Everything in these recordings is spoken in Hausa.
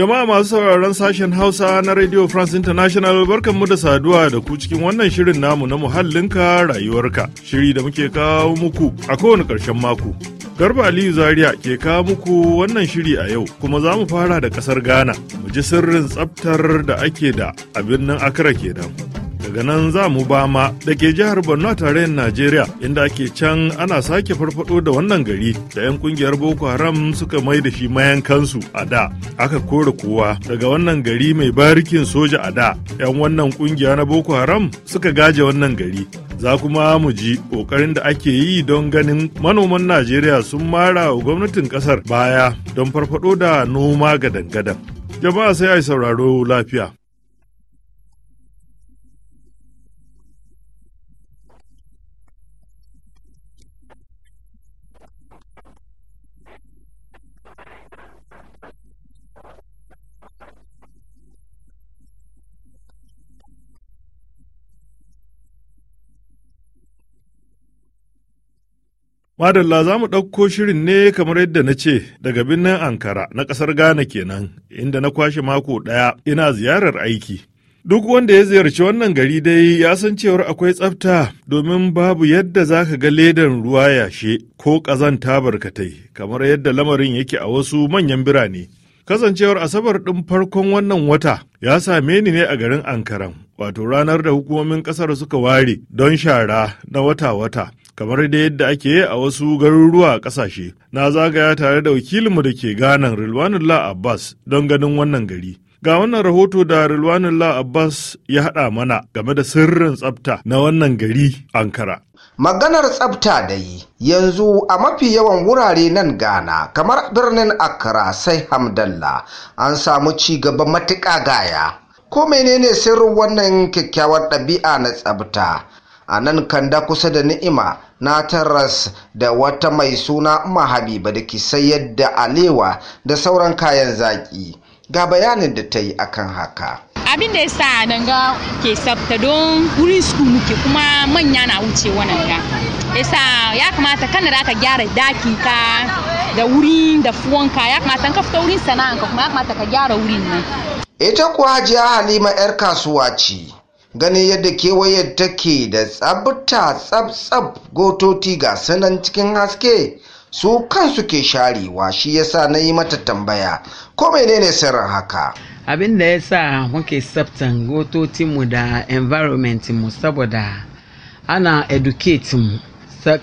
Jama'a masu sauraron sashen Hausa na Radio France International mu da saduwa da ku cikin wannan shirin namu na muhallinka rayuwarka. Shiri da muke kawo muku a kowane ƙarshen mako. Garba Aliyu Zaria ke kawo muku wannan shiri a yau kuma za mu fara da ƙasar Ghana. Mu ji sirrin tsabtar da ake da abin nan akara ke damu. daga nan za mu ba ma da ke jihar borno tarayyar najeriya inda ake can ana sake farfado da wannan gari da 'yan kungiyar boko haram suka mai da shi mayankansu a da aka kore kowa daga wannan gari mai barikin soja a da 'yan wannan kungiya na boko haram suka gaje wannan gari za kuma mu ji kokarin da ake yi don ganin manoman najeriya sun mara wa gwamnatin kasar baya don farfado da noma ga dangadan jama'a sai a sauraro lafiya Madalla za mu ɗauko shirin ne kamar yadda na ce daga birnin Ankara na ƙasar Ghana kenan, inda na kwashe mako ɗaya ina ziyarar aiki. Duk wanda ya ziyarci wannan gari dai ya san cewar akwai tsafta domin babu yadda za ka ga ledan ruwa yashe ko ƙazanta barkatai kamar yadda lamarin yake a wasu manyan birane. Kasancewar Asabar ɗin farkon wannan wata ya same ni ne a garin Ankara, wato ranar da hukumomin ƙasar suka ware don shara na wata-wata, kamar da yadda ake yi a wasu garuruwa ƙasashe. Na zagaya tare da wakilinmu da ke ganan Rilwanullah Abbas don ganin wannan gari. Ga wannan rahoto da Rilwanullah Abbas ya haɗa mana game da sirrin tsafta na wannan gari Ankara. maganar tsabta da yi yanzu a mafi yawan wurare nan gana, kamar birnin accra sai hamdallah an samu cigaba matuƙa gaya ko menene sirrin wannan kyakkyawar ɗabi'a na tsabta a nan kanda kusa da ni'ima na taras da wata mai suna mahabiba da ke sayar da alewa da sauran kayan zaƙi ga bayanin da ta yi akan haka abin da ya sa nan ga ke tsafta don wurin su muke kuma manya na wucewa nan ga yasa ya kamata kan da ka gyara dakin ka da wurin da fuwanka ya kamata ka fita wurin sana'anka kuma ya kamata ka gyara wurin nan ita kuwa hajiya halima yar kasuwa ce ganin yadda kewayen take da tsabta tsab gototi ga sanan cikin haske su kansu ke sharewa shi yasa na yi mata tambaya ko menene sirrin haka abin da ya sa muke tsaftan gototinmu da environmentinmu saboda ana educate mu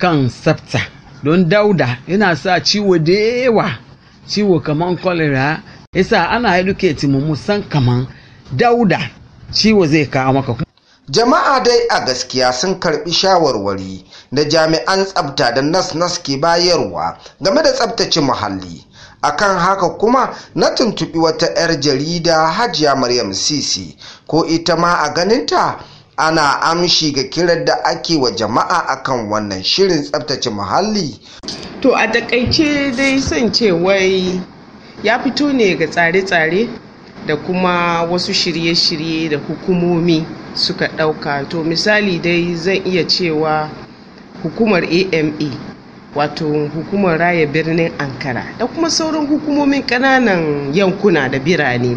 kan tsafta don dauda yana sa ciwo da yawa ciwo kaman cholera yasa ana educate mu musan kaman dauda ciwo zai kawo maka jama'a dai a gaskiya sun karbi shawarwari da jami'an tsabta da nas-nas ke bayarwa game da tsabtace muhalli akan haka kuma na tuntuɓi wata 'yar jarida hajiya maryam sisi ko ita ma a ganinta ana amshi ga kiran da ake wa jama'a akan wannan shirin tsabtace muhalli to a takaice dai son ce wai ya fito ne ga tsare-tsare da kuma wasu shirye-shirye da hukumomi suka ɗauka to misali dai zan iya cewa hukumar ama e, wato hukumar raya birnin ankara da kuma sauran hukumomin ƙananan yankuna da birane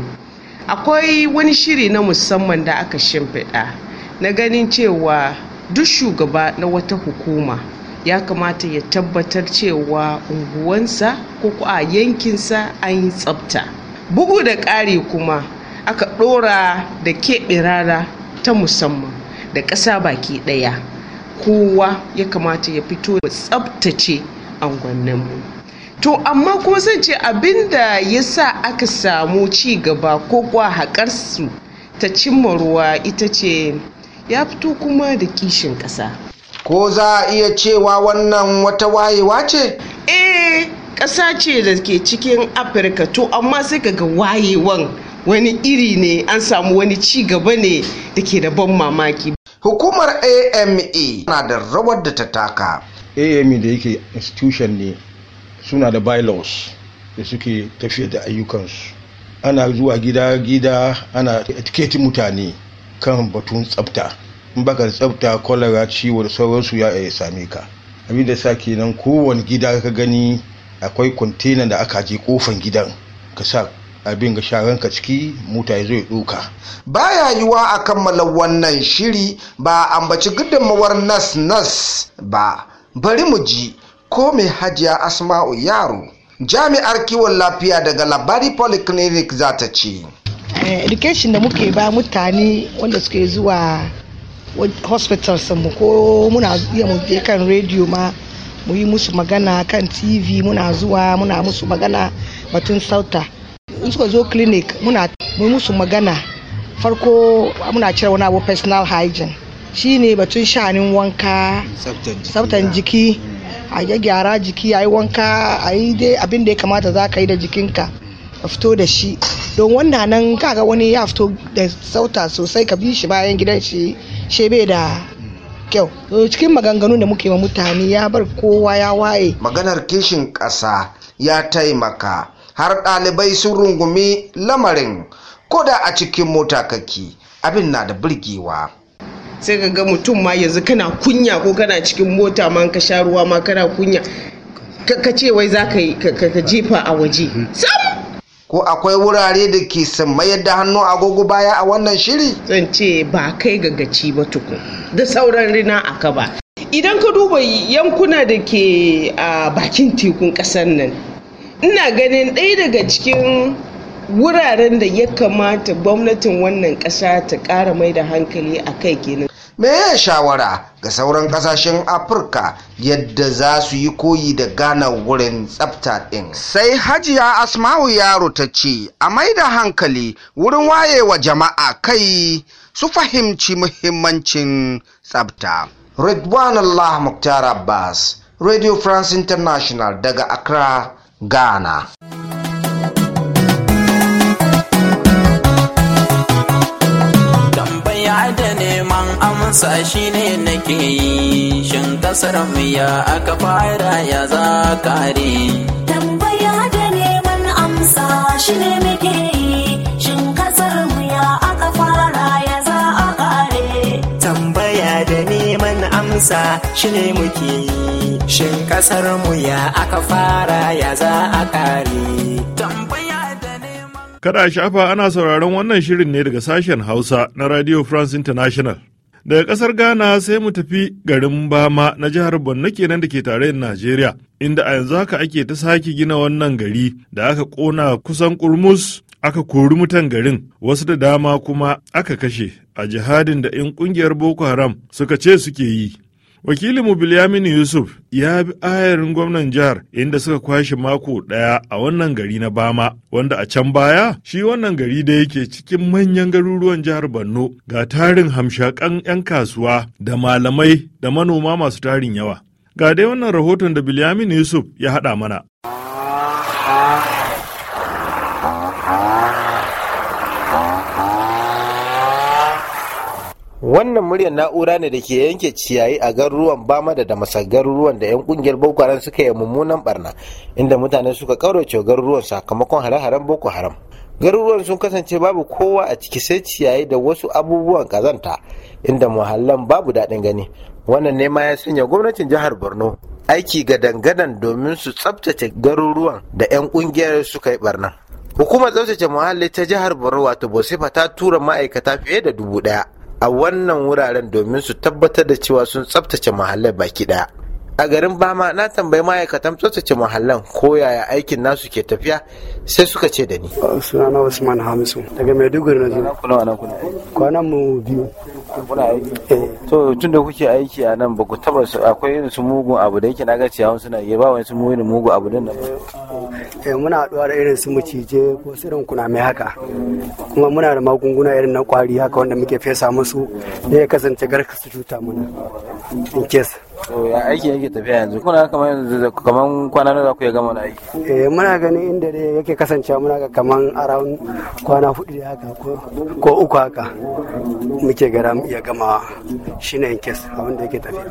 akwai wani shiri na musamman da aka shimfiɗa na ganin cewa duk shugaba na wata hukuma ya kamata ya tabbatar cewa unguwansa ko a yankinsa an yi tsabta bugu da ƙari kuma aka ɗora da keɓe rara ta musamman da ƙasa baki ɗaya kowa ya kamata ya fito ya tsabtace mu to amma kuma zan ce da ya sa aka samu ci gaba ko kwa haƙarsu ta cimma ruwa ita ce ya fito kuma da kishin ƙasa ko za a iya cewa wannan wata wayewa ce eh ƙasa ce da ke cikin afirka to amma sai daga ga wayewan wani iri ne an samu wani ci gaba ne da ke da ban mamaki hukumar AME na da rawar da ta taka. AME da yake institution ne suna da bylaws da suke tafiya da ayyukansu. Ana zuwa gida-gida ana etiketi mutane kan batun tsafta. In baka da tsafta kwalara ciwo da sauransu ya iya same ka. Abin da sa kenan kowane gida ka gani akwai kwantena da aka je kofan gidan ka sa abin ga sharanka ciki mota ya zo ya ɗoka. baya yiwa a kammala wannan shiri ba ambaci gudunmawar nas nas ba bari mu ji ko mai hajiya asma'u yaro jami'ar kiwon lafiya daga labari polyclinic za ta ce eh, education da muke ba mutane wanda suke zuwa hospital mu ko muna iya mu je kan radio ma mu yi musu magana kan tv muna zuwa muna musu magana batun sauta in suka zo clinic muna musu magana farko muna cire wani abu personal hygiene shi ne, batun shanin wanka tsaftan jiki a gyara jiki a yi wanka a yi dai abin da ya kamata za ka yi da jikinka a fito da shi don wannan nan kaga wani ya fito da sauta sosai ka bi shi bayan gidan shi shebe da kyau cikin maganganu da muke ma mutane ya bar kowa ya waye maganar kishin ƙasa ya taimaka har ɗalibai sun rungumi lamarin ko da a cikin mota kake abin na da birgewa sai ka ga mutum ma yanzu kana kunya ko kana cikin mota ma ka sha ruwa ma kana kunya ka ce wai za ka jefa a waje mhm. ko akwai wurare da ke mayar da hannu agogo baya a wannan shiri zan ce ba kai gagaci ba tukun da sauran rina a ka ba idan ka duba yankuna da ke a bakin tekun ƙasar nan ina ganin ɗaya daga cikin wuraren da ya kamata gwamnatin wannan ƙasa ta ƙara mai da hankali a kai kenan. me ya shawara ga sauran ƙasashen afirka yadda za su yi koyi da gana wurin tsafta ɗin sai hajiya asma'u yaro ta ce a mai da hankali wurin wayewa jama'a kai su fahimci muhimmancin tsafta ridwan allah muktar abbas radio france international daga accra ghana tambaya da neman amsa shine nake yi shin kasar mu ya aka fara ya za kare tambaya da neman amsa ne nake yi shin kasar mu ya aka fara ya za a kare tambaya da neman amsa shine muke yi Shin kasar mu ya aka fara ya za a kare? Kada shafa ana sauraron wannan shirin ne daga sashen Hausa na Radio France International. Daga kasar Ghana sai mu tafi garin Bama na jihar Borno kenan da ke da Najeriya, inda a yanzu haka ake ta sake gina wannan gari da aka kona kusan kurmus aka kori mutan garin wasu da dama kuma aka kashe a jihadin da 'yan kungiyar Boko Haram suka ce suke yi. Wakilinmu Bilyaminu Yusuf ya bi ayarin gwamnan jihar inda suka kwashe mako ɗaya a wannan gari na Bama, wanda a can baya shi wannan gari da yake cikin manyan garuruwan jihar Borno ga tarin hamshakan 'yan kasuwa da malamai da manoma masu tarin yawa. Ga dai wannan rahoton da Bilyaminu Yusuf ya haɗa mana. wannan muryar na'ura ne da ke yanke ciyayi a garuruwan bama da damasar garuruwan da 'yan kungiyar boko haram suka yi mummunan barna inda mutane suka kaurace garuruwan sakamakon hare-haren boko haram garuruwan sun kasance babu kowa a ciki sai ciyayi da wasu abubuwan kazanta inda muhallan babu daɗin gani wannan ne ma ya sanya gwamnatin jihar borno aiki ga dangadan domin su tsabtace garuruwan da 'yan kungiyar suka yi barna hukumar tsabtace muhalli ta jihar borno wato bosifa ta tura ma'aikata fiye da dubu ɗaya a wannan wuraren domin su tabbatar da cewa sun tsabtace mahallar baki ɗaya. a garin bama na tambayi ma'aikatan tsaftace muhallan ko yaya aikin nasu ke tafiya sai suka ce da ni ah, sunana usman hamisu daga maiduguri na zo kwanan mu biyu Kuna aiki. Eh. to tun da kuke aiki a nan ba ku taba akwai irin su mugun abu da yake na ga ciyawan suna iya ba wani su mugun mugun abu din nan eh muna haɗuwa da irin su macije ko sirin kuna mai haka kuma muna da magunguna irin na kwari haka wanda muke fesa musu da ya kasance garka su cuta muna in case ya aiki yake tafiya yanzu kuna kamar yanzu kamar kwana za ku ya gama aiki eh muna ganin inda yake kasance muna ga kaman around kwana hudu ya haka ko uku haka muke gara iya gama shi ne kes abin da yake tafiya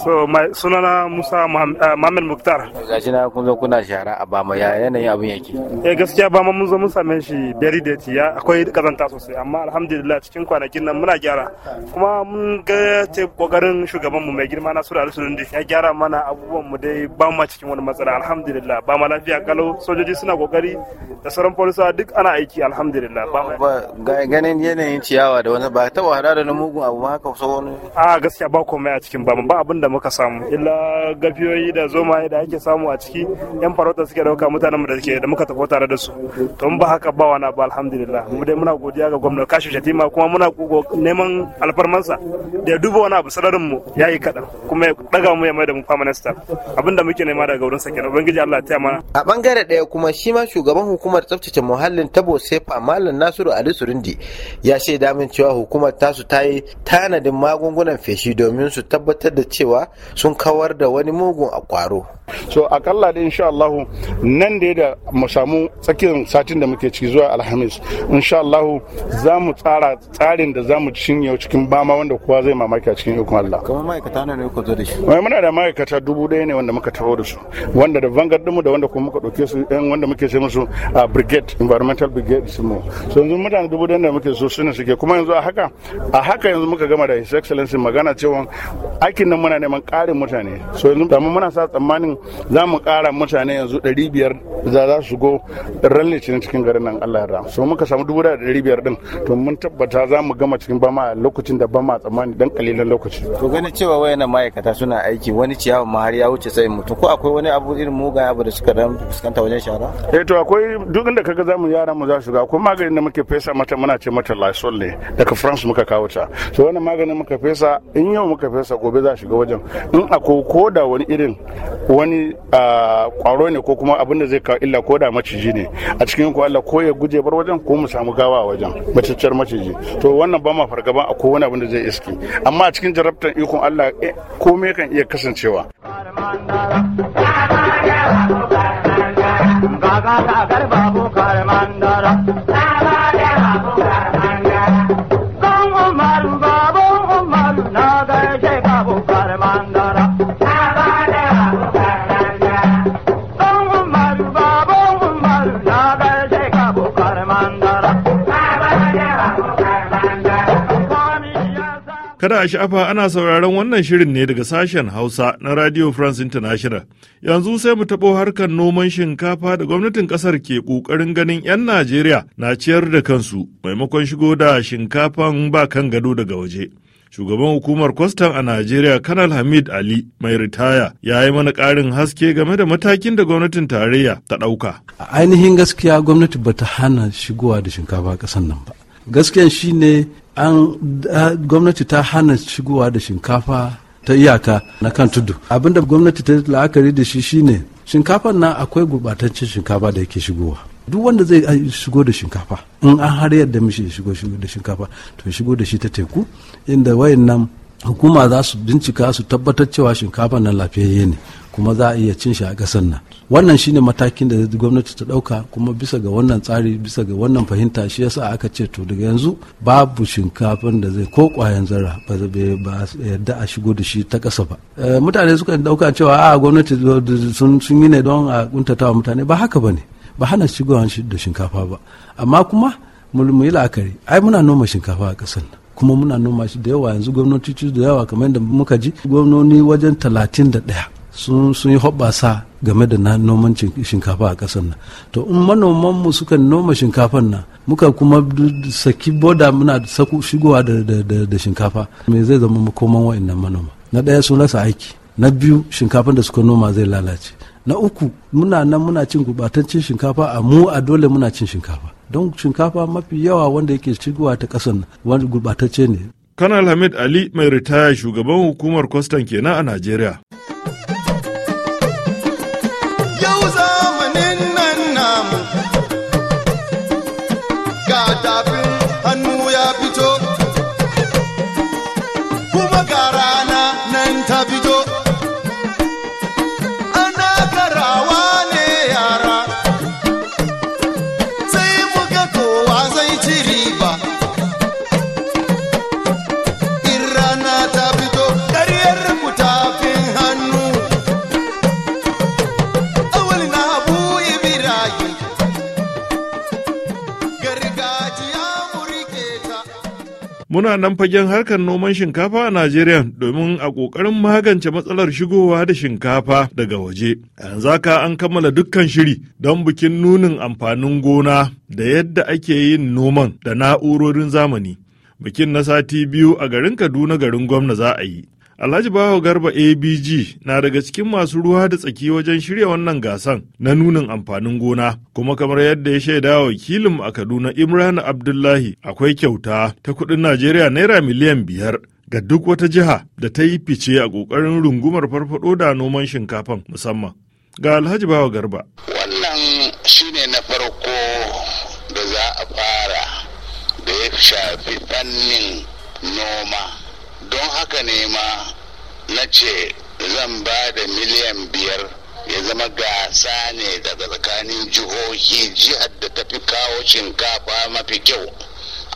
so mai sunana musa ah, muhammad muktar gashi na kun zo kuna shara a bama ya yanayin abin yake eh gaskiya ba mun zo mun same shi very dirty ya akwai kazanta sosai amma alhamdulillah cikin kwanakin nan muna gyara kuma mun ga te kokarin shugaban mu mai girma na sura alsunundi ya gyara mana abubuwan mu dai ba mu cikin wani matsala alhamdulillah ba ma lafiya kalau sojoji suna kokarin kokari da sauran polisa duk ana aiki alhamdulillah ba ganin yanayin ciyawa da wani ba ta wahala da na mugun abu haka so wani a gaskiya ba komai a cikin ba ba abin da muka samu illa gafiyoyi da zomaye da ake samu a ciki yan farauta suke dauka mutanen mu da suke da muka tafi tare da su to ba haka ba wani ba alhamdulillah mu dai muna godiya ga gwamnati kashi shatima kuma muna neman alfarmansa da ya duba wani abu sararin mu yayi kaɗan kuma ya daga mu ya mai da mu prime minister abin da muke nema daga wurin sa kenan ubangiji Allah ya taya mana a bangare daya kuma shi ma ma shugaban hukumar tsaftace muhallin tabo sefa malam nasiru ali Surindi, ya shaida damin cewa hukumar tasu ta yi tanadin magungunan feshi domin su tabbatar da cewa sun kawar da wani mugun a kwaro so akalla da insha Allah nan da da mu samu tsakiyar satin da muke ciki zuwa alhamis insha Allah za mu tsara tsarin da za mu cinye cikin bama wanda kowa zai mamaki a cikin ikon Allah kuma ma'aikata na ne ku zo da shi muna da ma'aikata dubu ɗaya ne wanda muka taho da su wanda da vanguard mu da wanda kuma muka dauke su ɗan wanda muke sai musu a brigade environmental brigade su mu so yanzu mutane dubu ɗaya da muke so ne suke kuma yanzu a haka a haka yanzu muka gama da his excellency magana cewa aikin nan muna neman ƙarin mutane so yanzu muna sa tsammanin za mu ƙara mutane yanzu 500 za za su go ran litinin cikin garin nan Allah ya so muka samu dubu da ɗari biyar din to mun tabbata za mu gama cikin bama lokacin da bama tsammani dan kalilan lokaci to gani cewa wayannan ma'aikata suna aiki wani ciyawa ma har ya wuce sai mutum ko akwai wani abu irin mugaye abu da suka dan fuskanta wajen shara eh to akwai duk inda kaga zamu yara mu za su ga akwai maganin da muke fesa mata muna ce mata lysol ne daga France muka kawo ta so wannan maganin muka fesa in yau muka fesa gobe za shiga wajen in akwai ko da wani irin wani wani kwaro ne ko kuma abin da zai kawo illa ko da maciji ne a cikin ku Allah ko ya guje bar wajen ko mu samu gawa a wajen maciciyar maciji to wannan ba ma fargaba a ko wani abin da zai iski amma a cikin jarabtan ikon Allah komai kan iya kasancewa Gaga ta garba bukar mandara a sha'afa ana sauraron wannan shirin ne daga sashen Hausa na Radio France International. Yanzu sai mu taɓo harkar noman shinkafa da gwamnatin ƙasar ke ƙoƙarin ganin 'yan Najeriya na ciyar da kansu maimakon shigo da shinkafan ba kan gado daga waje. Shugaban hukumar kwastan a Najeriya Kanal Hamid Ali mai ritaya ya yi mana ƙarin haske game da matakin da gwamnatin tarayya ta ɗauka. A ainihin gaskiya gwamnati bata hana shigowa da shinkafa ƙasar nan ba. gaskiyan ne. an gwamnati ta hana shigowa da shinkafa ta iyaka na kan tudu abinda gwamnati ta la'akari da shi shine shinkafan nan akwai gurɓataccen shinkafa da yake shigowa duk wanda zai shigo da shinkafa in an har yadda mishi shigo da shinkafa to shigo da shi ta teku inda wayannan hukuma za su bincika su tabbatar cewa shinkafa nan lafiyayye ne kuma za a iya cin shi a ƙasar nan wannan shine matakin da gwamnati ta ɗauka kuma bisa ga wannan tsari bisa ga wannan fahimta shi yasa aka ce to daga yanzu babu shinkafan da zai ko ƙwayan zara ba yadda a shigo da shi ta ƙasa ba eh, mutane suka ɗauka cewa a gwamnati sun yi ne don a kuntatawa mutane ba haka ba ne ba hana shigowa da shinkafa ba amma kuma mu yi la'akari ai muna noma shinkafa a ƙasar nan kuma muna noma shi da yawa yanzu gwamnatoci da yawa kamar yadda muka ji gwamnoni wajen talatin da ɗaya sun yi hoɓasa game da noman shinkafa a ƙasar nan to in manoman mu suka noma shinkafan nan muka kuma saki boda muna saku shigowa da shinkafa me zai zama makoman wa'annan manoma na ɗaya sun rasa aiki na biyu shinkafan da suka noma zai lalace na uku muna nan muna cin gubatancin shinkafa a mu a dole muna cin shinkafa don shinkafa mafi yawa wanda yake shigowa ta ƙasan wani gurɓatacce ne. Kanal Hamid Ali mai ritaya shugaban hukumar kwastan kenan a Najeriya. Yau zamanin nan ga tafin hannu ya fito muna nan fagen harkar noman shinkafa a Najeriya domin a ƙoƙarin magance matsalar shigowa da shinkafa daga waje. Yanzu haka an kammala dukkan shiri don bikin nunin amfanin gona da yadda ake yin noman da na'urorin zamani. Bikin na sati biyu a garin Kaduna garin gwamna za a yi. Alhaji Bawa Garba ABG na daga cikin masu ruwa da tsaki wajen shirya wannan gasan na nunin amfanin gona, kuma kamar yadda ya shaida wakilin a Kaduna Imran Abdullahi akwai kyauta ta kuɗin Najeriya naira miliyan biyar ga duk wata jiha da ta yi fice a ƙoƙarin rungumar farfaɗo da noman shinkafan musamman. Ga Alhaji Bawa Garba. Wannan shine na farko da za a fara da ya shafi fannin noma. don haka ne ma na ce zan ba da miliyan biyar ya zama gasa ne daga tsakanin jihohi jihar da tafi kawo shinkafa mafi kyau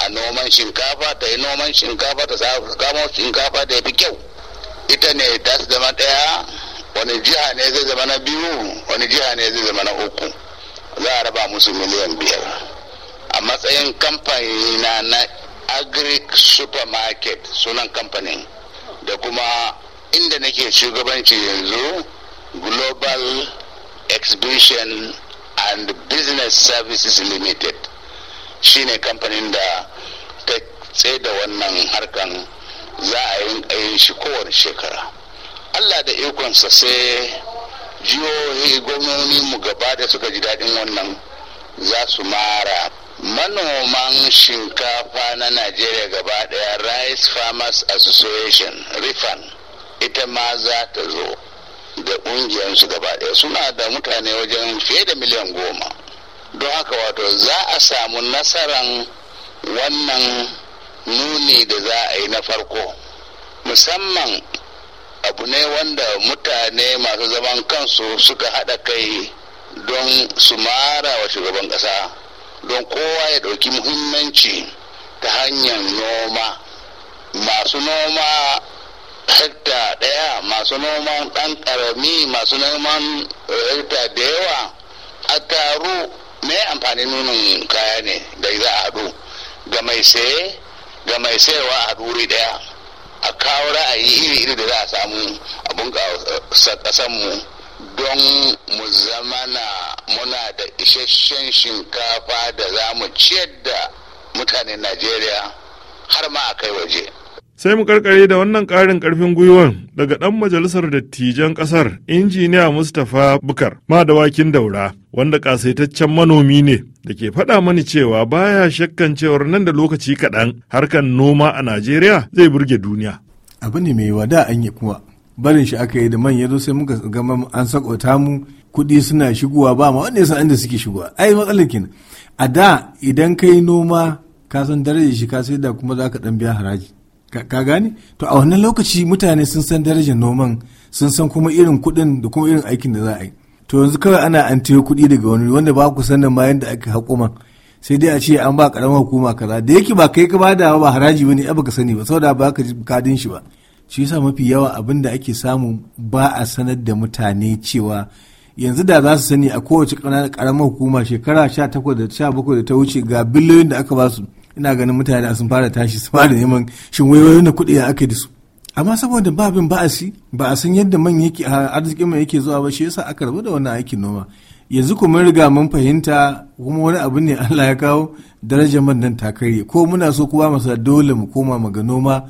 a noman shinkafa ta yi noman shinkafa ta kamo shinkafa da ya fi kyau ita ne ta zama ɗaya wani jiha ne zai zama na biyu wani jiha ne zai zama na uku za a raba musu miliyan biyar a matsayin kamfani na agric supermarket sunan kamfanin da kuma inda nake shugabanci yanzu global exhibition and business services limited shine kamfanin da ta da wannan harkan za a yi shi kowane shekara allah da ikonsa sai jihohi gwamnoni mu gaba da suka ji daɗin wannan za su mara manoman shinkafa na najeriya gaba daya rice farmers association rifan ita ma za ta zo da ƙungiyarsu gaba daya suna da mutane wajen fiye da miliyan goma don haka wato za a samu nasaran wannan nuni da za a yi na farko musamman abu ne wanda mutane masu zaman kansu suka haɗa kai don su mara wa shugaban ƙasa don kowa ya ɗauki muhimmanci ta hanyar noma masu noma hekta ɗaya masu noman ɗan ƙarami masu noman hekta da yawa a taru mai amfanin nunin kaya ne da za a haɗu ga mai saye ga mai sayarwa a duri ɗaya a kawo ra'ayi iri-iri da za a samu bunƙasa ƙasar mu don mu isasshen shinkafa da za mu ciyar da mutanen najeriya har ma a kai waje sai mu karkare da wannan karin karfin gwiwan daga ɗan majalisar dattijan kasar injiniya mustapha bukar madawakin daura wanda kasaitaccen manomi ne da ke faɗa mani cewa baya shakkan cewar nan da lokaci kaɗan harkan noma a najeriya zai burge duniya abu ne mai wada an yi kuma barin shi aka yi da manya zo sai muka gama an sakota mu kuɗi suna shigowa ba ma wanda ya san inda suke shigowa ai matsalar kenan a da idan ka yi noma ka san darajar shi ka sai da kuma za ka ɗan biya haraji ka gane to a wannan lokaci mutane sun san darajar noman sun san kuma irin kuɗin da kuma irin aikin da za a yi to yanzu kawai ana an tiyo kuɗi daga wani wanda ba ku sanin ma yadda ake haƙuma sai dai a ce an ba karamar hukuma kaza da yake ba kai ka bada ba haraji bane a baka sani ba saboda ba ka ji kadin shi ba shi yasa mafi yawa abin da ake samu ba a sanar da mutane cewa yanzu da za su sani a kowace karamar hukuma shekara 18 da 17 da ta wuce ga biliyoyin da aka ba su ina ganin mutane sun fara tashi su fara neman shin wayoyin na kuɗi ya aka da su amma saboda ba abin ba a ba a san yadda man yake arzikin man yake zuwa ba shi yasa aka rabu da wannan aikin noma yanzu kuma riga mun fahimta kuma wani abu ne Allah ya kawo darajar man nan ta karye ko muna so kuwa masa dole mu koma mu ga noma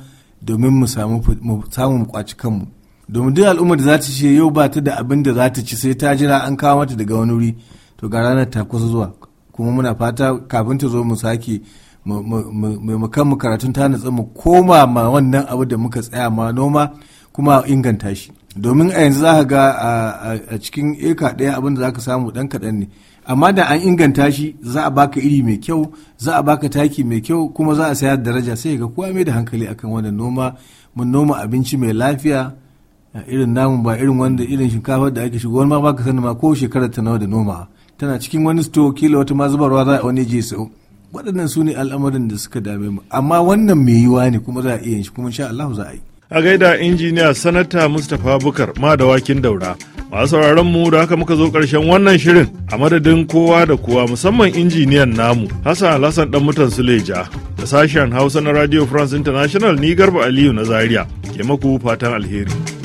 domin mu samu mu kwaci kanmu domin duk al'ummar da za ta ce yau ba ta da abin da za ta ci sai ta jira an kawo mata daga wani wuri to ga ranar ta kusa zuwa kuma muna fata kafin ta zo mu sake maimakon mu karatun ta natsu mu koma ma wannan abu da muka tsaya ma noma kuma inganta shi domin a yanzu za ka ga a cikin eka ɗaya abin da za ka samu ɗan kaɗan ne amma da an inganta shi za a baka iri mai kyau za a baka taki mai kyau kuma za a sayar daraja sai ga kowa mai da hankali akan wannan noma mun noma abinci mai lafiya Eh, irin namun ba irin wanda irin shinkafa da ake shigo wani ma baka sani ma ko shekarar ta nawa da noma tana cikin wani sto kila wata ma zubarwa za a wani je sau waɗannan su ne al'amarin da suka dame mu amma wannan mai yiwa ne kuma za a iya shi kuma insha Allah za a yi a gaida injiniya sanata mustapha bukar ma da wakin daura masu sauraron mu da haka muka zo karshen wannan shirin a madadin kowa da kowa musamman injiniyan namu hassan alhassan dan mutan suleja da sashen hausa na radio france international ni garba aliyu na zaria ke maku fatan alheri